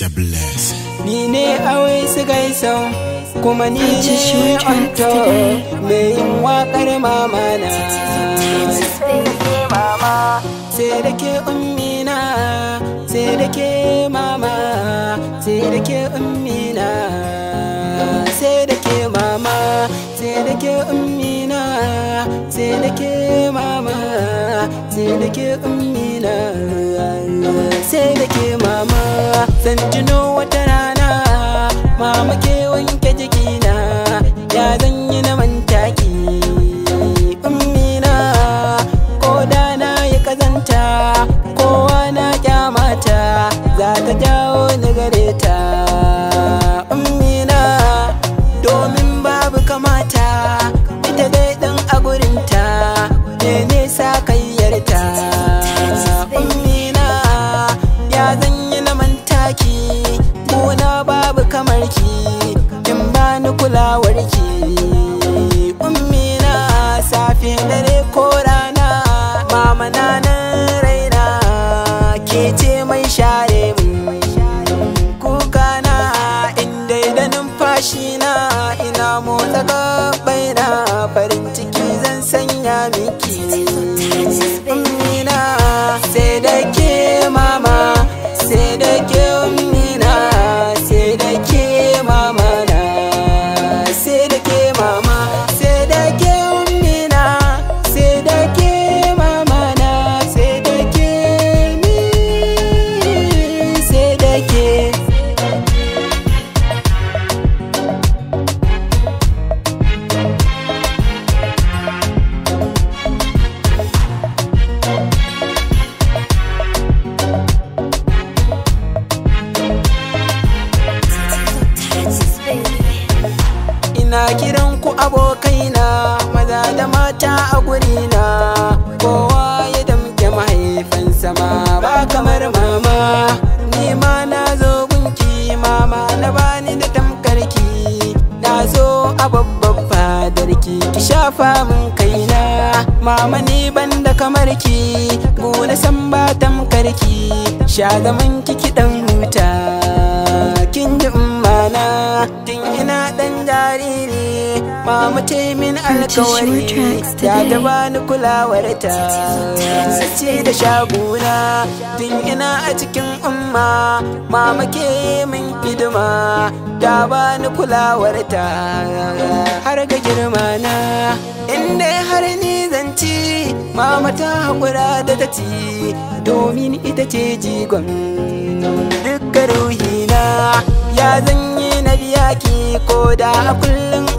Khadija Bless. Ni ne awai su gaisau kuma ni ne anto mai yin wakar mama na. Mama sai da ke ummina sai da ke mama sai da ke ummina sai da ke mama sai da ke ummina sai da ke mama sai da ke ummina. wanke jikina ya zanyi na man ina kiran ku abokaina maza da mata a gurina kowa ya damke mahaifin sama. ba kamar mama ni ma na zo gunki mama na bani da tamkarki na zo a babban fadarki ki shafa min kaina mama ni ban da kamarki gona san ba tamkarki sha zaman ki dan huta kin ji ummana jariri mamu ce min alkawari ya ni bani kulawarta sace da shaguna tun ina a cikin umma mama ke min hidima da bani kulawarta har ga girma na inda har ni zanci mama ta haƙura da ta ci domin ita ce jigon da kullum